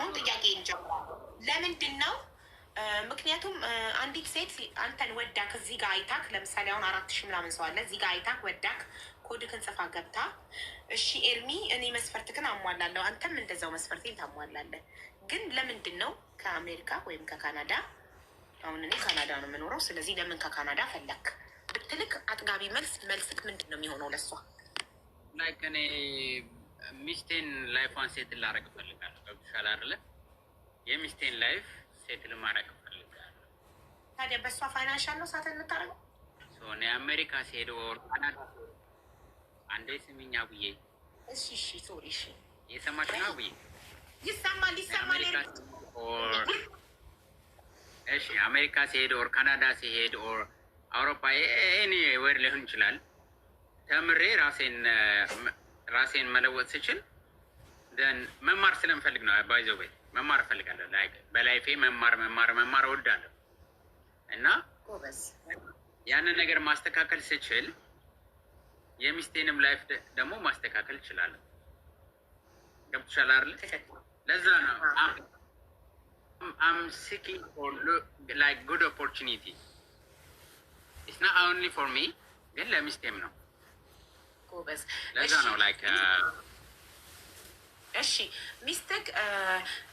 አሁን ጥያቄ እንጀምራሉ። ለምንድን ነው? ምክንያቱም አንዲት ሴት አንተን ወዳክ እዚህ ጋር አይታክ፣ ለምሳሌ አሁን አራት ሺ ምናምን ሰው አለ እዚህ ጋር አይታክ ወዳክ፣ ኮድክን ጽፋ ገብታ፣ እሺ ኤርሚ እኔ መስፈርትክን አሟላለሁ፣ አንተም እንደዛው መስፈርቴን ታሟላለህ። ግን ለምንድን ነው ከአሜሪካ ወይም ከካናዳ አሁን እኔ ካናዳ ነው የምኖረው፣ ስለዚህ ለምን ከካናዳ ፈለክ ብትልክ አጥጋቢ መልስ መልስክ ምንድን ነው የሚሆነው ለሷ? ሚስቴን ላይፏን ሴት ላረግ እፈልጋለሁ። ገብቶሻል አይደለ? የሚስቴን ላይፍ ሴት ልማረግ እፈልጋለሁ። ታዲያ በእሷ ፋይናንሻል ነው ሳት የምታደርገው። እኔ አሜሪካ ሲሄድ ወር አንዴ ስሚኛ አቡዬ። እሺ ሶሪ እሺ፣ የሰማሽ ነው አቡዬ? ይሰማል እሺ፣ አሜሪካ ሲሄድ ኦር ካናዳ ሲሄድ ኦር አውሮፓ ኤኒ ወር ሊሆን ይችላል። ተምሬ ራሴን ራሴን መለወጥ ስችል መማር ስለምፈልግ ነው። ባይዘ ቤት መማር እፈልጋለሁ። በላይፌ መማር መማር መማር እወዳለሁ እና ያንን ነገር ማስተካከል ስችል የሚስቴንም ላይፍ ደግሞ ማስተካከል እችላለሁ። ገብቶሻል አይደል? ለዛ ነው አም ሲኪንግ ፎር ላይክ ጉድ ኦፖርቹኒቲ ኢትስ ናት ኦንሊ ፎር ሚ ግን ለሚስቴም ነው ጎበዝ። ለዛ ነው ላይክ እሺ ሚስትክ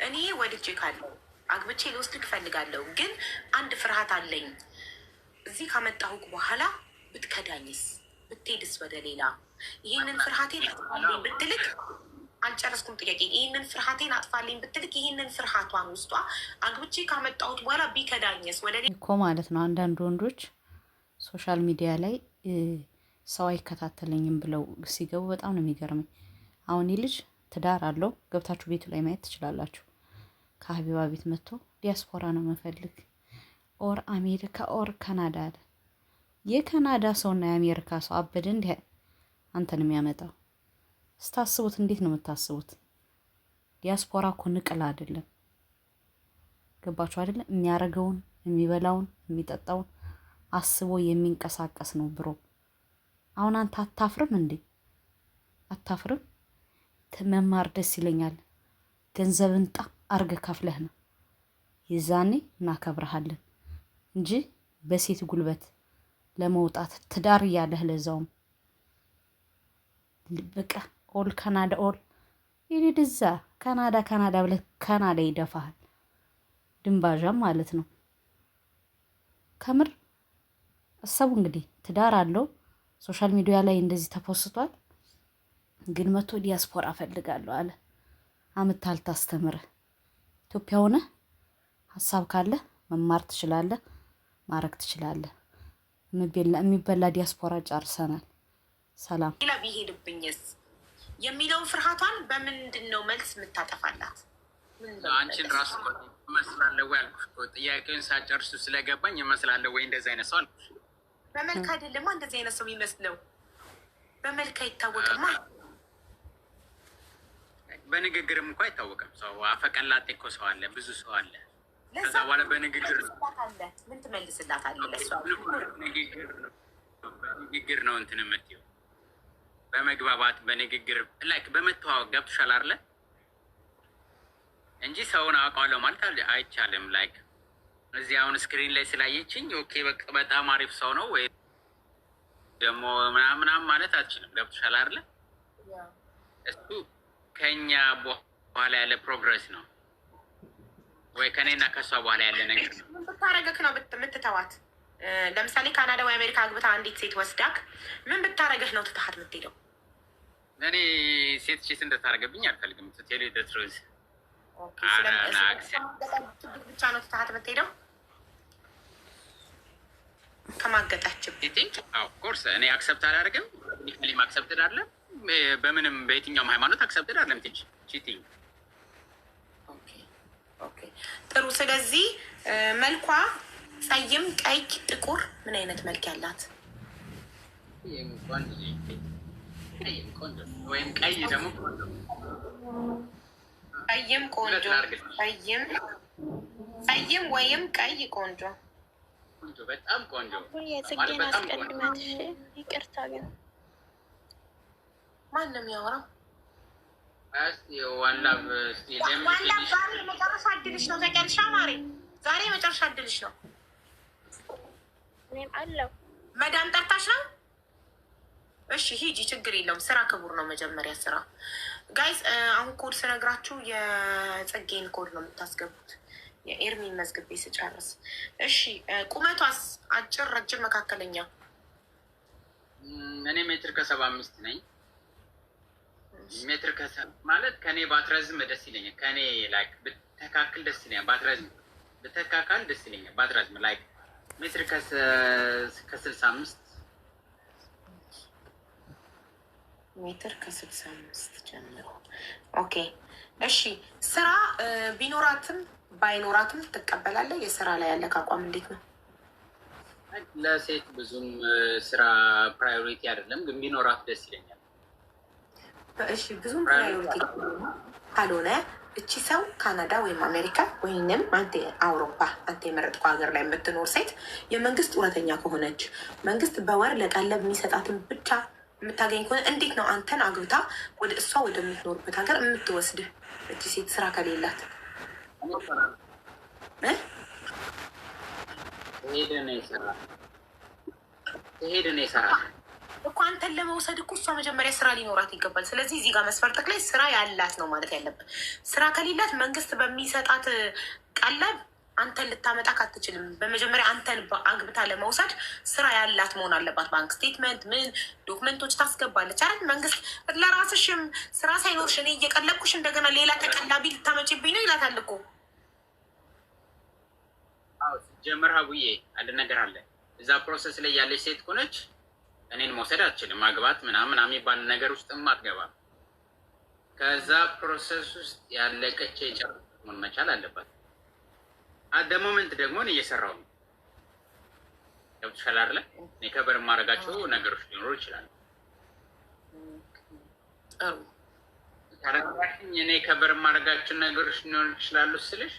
እኔ ወድጄ ካለው አግብቼ ልወስድክ እፈልጋለሁ፣ ግን አንድ ፍርሃት አለኝ። እዚህ ካመጣሁክ በኋላ ብትከዳኝስ? ብትሄድስ ወደ ሌላ? ይህንን ፍርሃቴን አጥፋልኝ ብትልክ፣ አልጨረስኩም ጥያቄ። ይህንን ፍርሃቴን አጥፋልኝ ብትልክ፣ ይህንን ፍርሃቷን ውስጧ አግብቼ ካመጣሁት በኋላ ቢከዳኝስ? ወደ ሌላ እኮ ማለት ነው። አንዳንድ ወንዶች ሶሻል ሚዲያ ላይ ሰው አይከታተለኝም ብለው ሲገቡ በጣም ነው የሚገርመኝ። አሁን ይህ ልጅ ትዳር አለው። ገብታችሁ ቤቱ ላይ ማየት ትችላላችሁ። ከሀቢባ ቤት መጥቶ ዲያስፖራ ነው መፈልግ ኦር አሜሪካ ኦር ካናዳ አለ። የካናዳ ሰውና የአሜሪካ ሰው አበደ እንዲህ አንተን የሚያመጣው ስታስቡት፣ እንዴት ነው የምታስቡት? ዲያስፖራ እኮ ንቅል አይደለም። ገባችሁ አይደለም? የሚያረገውን የሚበላውን የሚጠጣውን አስቦ የሚንቀሳቀስ ነው ብሮ አሁን አንተ አታፍርም እንዴ? አታፍርም? መማር ደስ ይለኛል። ገንዘብን ጣ አርገ ከፍለህ ነው የዛኔ እናከብረሃለን እንጂ በሴት ጉልበት ለመውጣት ትዳር እያለህ ለዛውም በቃ ኦል ካናዳ ኦል ይድዛ ካናዳ ካናዳ ብለህ ካናዳ ይደፋሃል። ድንባዣም ማለት ነው። ከምር አሰቡ እንግዲህ ትዳር አለው ሶሻል ሚዲያ ላይ እንደዚህ ተፖስቷል፣ ግን መቶ ዲያስፖራ ፈልጋለሁ አለ። አምታ አልታስተምርህ ኢትዮጵያ ሆነ ሀሳብ ካለ መማር ትችላለ፣ ማረግ ትችላለ። የሚበላ ዲያስፖራ ጨርሰናል። ሰላም ሌላ ቢሄድብኝስ የሚለው ፍርሃቷን በምንድን ነው መልስ የምታጠፋላት? አንቺን ራሱ እመስላለሁ ወይ አልኩሽ። ጥያቄውን ሳጨርሱ ስለገባኝ እመስላለሁ ወይ እንደዚህ አይነት ሰው አልኩሽ። በመልክ አይደለማ እንደዚህ አይነት ሰው የሚመስለው በመልክ አይታወቅማ። በንግግርም እኮ አይታወቅም። ሰው አፈቀላጤ እኮ ሰው አለ፣ ብዙ ሰው አለ። ከዛ በኋላ በንግግር ምን ትመልስላታለህ? ንግግር ነው እንትን የምትይው፣ በመግባባት በንግግር ላይክ በመተዋወቅ ገብቶሻል አይደለ? እንጂ ሰውን አውቀዋለሁ ማለት አይቻልም ላይክ እዚህ አሁን ስክሪን ላይ ስላየችኝ ኦኬ በቃ በጣም አሪፍ ሰው ነው ወይ ደግሞ ምናምናም ማለት አልችልም። ገብቶሻል አይደለ? እሱ ከኛ በኋላ ያለ ፕሮግረስ ነው ወይ ከኔና ከእሷ በኋላ ያለ ነገር ነው። ምን ነው የምትተዋት? ለምሳሌ ካናዳ ወይ አሜሪካ አግብታ አንዲት ሴት ወስዳክ ምን ብታረገህ ነው ትተሀት የምትሄደው? እኔ ሴት ሴት እንደታረገብኝ አልፈልግም። ቴሌ ደትሮዝ ብቻ ነው ትታት የምትሄደው ከማገጣችም ኦፍኮርስ እኔ አክሰብት አላደርግም። ሊም አክሰብትድ አለ በምንም በየትኛውም ሃይማኖት አክሰብትድ አለም ትች ቺቲንግ ጥሩ። ስለዚህ መልኳ ፀይም ቀይ፣ ጥቁር ምን አይነት መልክ ያላት ወይም ቀይ ደግሞ ቀይም ቆንጆ ቀይም ቀይም ወይም ቀይ ቆንጆ በጣም ቆንጆ የጽጌን አስቀድመት። ይቅርታ ግን ማንም ያወራው ዋላ ዛሬ የመጨረሻ እድልሽ ነው። ተቀልሻ ማሬ፣ ዛሬ የመጨረሻ እድልሽ ነው። እኔም አለው መዳም ጠርታሽ ነው። እሺ ሂጂ፣ ችግር የለውም። ስራ ክቡር ነው። መጀመሪያ ስራ ጋይስ uh, አሁን ኮድ ስነግራችሁ የጽጌን ኮድ ነው የምታስገቡት። የኤርሚን መዝግቤ ስጨርስ። እሺ uh, ቁመቷስ አጭር፣ ረጅም፣ መካከለኛ? እኔ ሜትር ከሰባ አምስት ነኝ። ሜትር ማለት ከኔ ባትረዝም ደስ ይለኛል። ከኔ ላይክ ብተካክል ደስ ይለኛል። ባትረዝም ብተካካል ደስ ይለኛል። ባትረዝም ላይክ ሜትር ከስልሳ አምስት ሜትር ከስልሳ አምስት ጀምሮ። ኦኬ እሺ። ስራ ቢኖራትም ባይኖራትም ትቀበላለህ? የስራ ላይ ያለ አቋም እንዴት ነው? ለሴት ብዙም ስራ ፕራዮሪቲ አይደለም፣ ግን ቢኖራት ደስ ይለኛል። እሺ፣ ብዙም ፕራዮሪቲ ካልሆነ እቺ ሰው ካናዳ ወይም አሜሪካ ወይንም አንተ አውሮፓ አንተ የመረጥኩ ሀገር ላይ የምትኖር ሴት የመንግስት ጡረተኛ ከሆነች መንግስት በወር ለቀለብ የሚሰጣትን ብቻ የምታገኝ ከሆነ እንዴት ነው አንተን አግብታ ወደ እሷ ወደምትኖርበት ሀገር የምትወስድህ? እቺ ሴት ስራ ከሌላት እኮ አንተን ለመውሰድ እኮ እሷ መጀመሪያ ስራ ሊኖራት ይገባል። ስለዚህ እዚህ ጋር መስፈርጠቅ ላይ ስራ ያላት ነው ማለት ያለብን። ስራ ከሌላት መንግስት በሚሰጣት ቀላል አንተን ልታመጣ አትችልም። በመጀመሪያ አንተን አግብታ ለመውሰድ ስራ ያላት መሆን አለባት። ባንክ ስቴትመንት፣ ምን ዶክመንቶች ታስገባለች አይደል? መንግስት ለራስሽም ስራ ሳይኖርሽ እኔ እየቀለብኩሽ እንደገና ሌላ ተቀላቢ ልታመጭብኝ ነው ይላታል እኮ። ጀምር ሀቡዬ፣ አንድ ነገር አለ። እዛ ፕሮሰስ ላይ ያለች ሴት ሆነች እኔን መውሰድ አትችልም። አግባት ምናምን የሚባል ነገር ውስጥም አትገባም። ከዛ ፕሮሰስ ውስጥ ያለቀች የጨር መሆን መቻል አለባት። ደሞመንት ደግሞ እኔ እየሰራው ነው ገብቶሻል አይደለ? እኔ ከበር የማደርጋቸው ነገሮች ሊኖሩ ይችላሉ። ካረጋሽኝ እኔ ከበር የማደርጋቸው ነገሮች ሊኖሩ ይችላሉ ስልሽ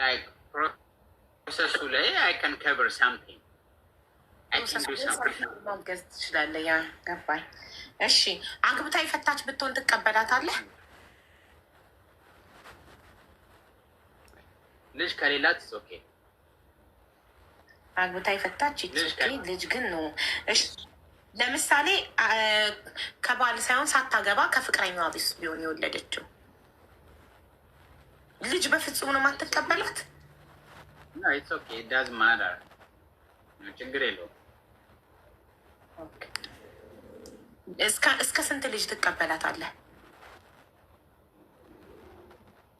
ላይክ ፕሮሰሱ ላይ አይ ከን ከበር ሳምቲንግ ማገዝ ትችላለህ። ያ ገባኝ። እሺ አግብታ የፈታች ብትሆን ትቀበላታለህ? ልጅ ከሌላት ኦኬ አግብታ የፈታች ልጅ ግን ነው። እሺ ለምሳሌ ከባል ሳይሆን ሳታገባ ከፍቅረኛዋ ቢስ ቢሆን የወለደችው ልጅ በፍጹም ነው የማትቀበላት። ዳዝ ማዳ ችግር የለውም። እስከ ስንት ልጅ ትቀበላታለህ?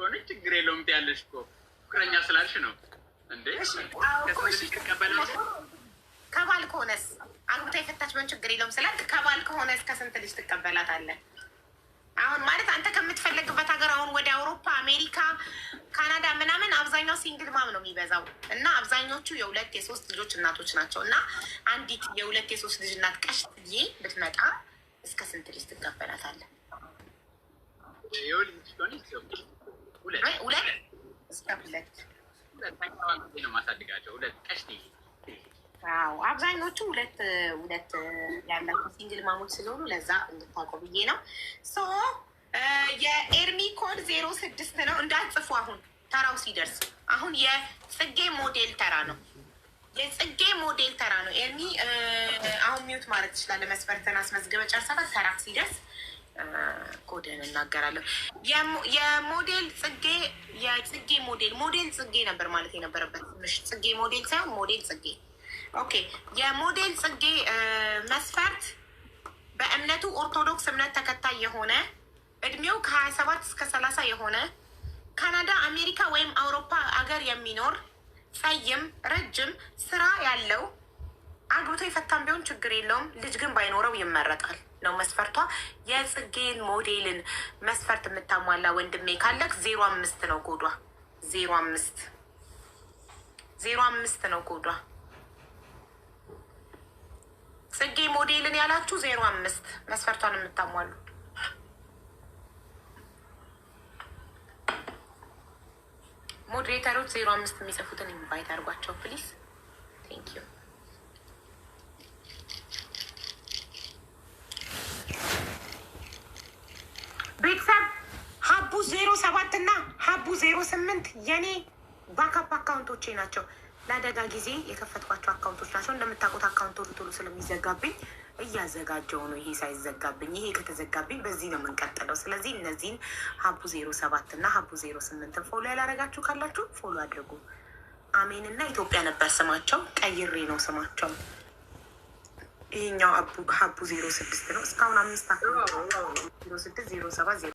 ከሆነ ችግር የለውም ያለሽ እኮ ፍቅረኛ ስላልሽ ነው እንዴ? ከባል ከሆነስ አግብታ የፈታች ቢሆን ችግር የለውም ስላልክ፣ ከባል ከሆነስ ከስንት ልጅ ትቀበላታለህ? አሁን ማለት አንተ ከምትፈለግበት ሀገር አሁን ወደ አውሮፓ፣ አሜሪካ፣ ካናዳ ምናምን አብዛኛው ሲንግል ማም ነው የሚበዛው እና አብዛኞቹ የሁለት የሶስት ልጆች እናቶች ናቸው። እና አንዲት የሁለት የሶስት ልጅ እናት ቀሽዬ ብትመጣ እስከ ስንት ልጅ ትቀበላታለህ? አብዛኞቹ ሁለት ሁለት ያላቸው ሲንግል ማሞች ስለሆኑ ለዛ እንድታውቀው ብዬ ነው። ሶ የኤርሚ ኮድ ዜሮ ስድስት ነው እንዳትጽፉ። አሁን ተራው ሲደርስ አሁን የጽጌ ሞዴል ተራ ነው። የጽጌ ሞዴል ተራ ነው። ኤርሚ አሁን ሚውት ማለት ትችላለህ። መስፈርትን አስመዝግበ ጨርሰበት ተራ ሲደርስ ኮድህን እናገራለሁ። የሞዴል ጽጌ የጽጌ ሞዴል ሞዴል ጽጌ ነበር ማለት የነበረበት ትንሽ ጽጌ ሞዴል ሳይሆን ሞዴል ጽጌ። ኦኬ የሞዴል ጽጌ መስፈርት በእምነቱ ኦርቶዶክስ እምነት ተከታይ የሆነ እድሜው ከሀያ ሰባት እስከ ሰላሳ የሆነ ካናዳ፣ አሜሪካ ወይም አውሮፓ አገር የሚኖር ጸይም፣ ረጅም ስራ ያለው አግብቶ የፈታም ቢሆን ችግር የለውም። ልጅ ግን ባይኖረው ይመረጣል ነው መስፈርቷ። የጽጌን ሞዴልን መስፈርት የምታሟላ ወንድሜ ካለክ ዜሮ አምስት ነው ጎዷ። ዜሮ አምስት ዜሮ አምስት ነው ጎዷ። ጽጌ ሞዴልን ያላችሁ ዜሮ አምስት መስፈርቷን የምታሟሉ ሞዴሬተሮች ዜሮ አምስት የሚጽፉትን ኢንቫይት አድርጓቸው ፕሊዝ። ቴንክ ዩ የኔ ባካፕ አካውንቶቼ ናቸው። ለአደጋ ጊዜ የከፈትኳቸው አካውንቶች ናቸው። እንደምታውቁት አካውንት ቶሎ ቶሎ ስለሚዘጋብኝ እያዘጋጀው ነው። ይሄ ሳይዘጋብኝ ይሄ ከተዘጋብኝ በዚህ ነው የምንቀጥለው። ስለዚህ እነዚህን ሀቡ ዜሮ ሰባት እና ሀቡ ዜሮ ስምንትን ፎሎ ያላረጋችሁ ካላችሁ ፎሎ አድርጉ። አሜን እና ኢትዮጵያ ነበር ስማቸው፣ ቀይሬ ነው ስማቸው። ይሄኛው ሀቡ ዜሮ ስድስት ነው። እስካሁን አምስት አካውንት ዜሮ ስድስት ዜሮ ሰባት ዜሮ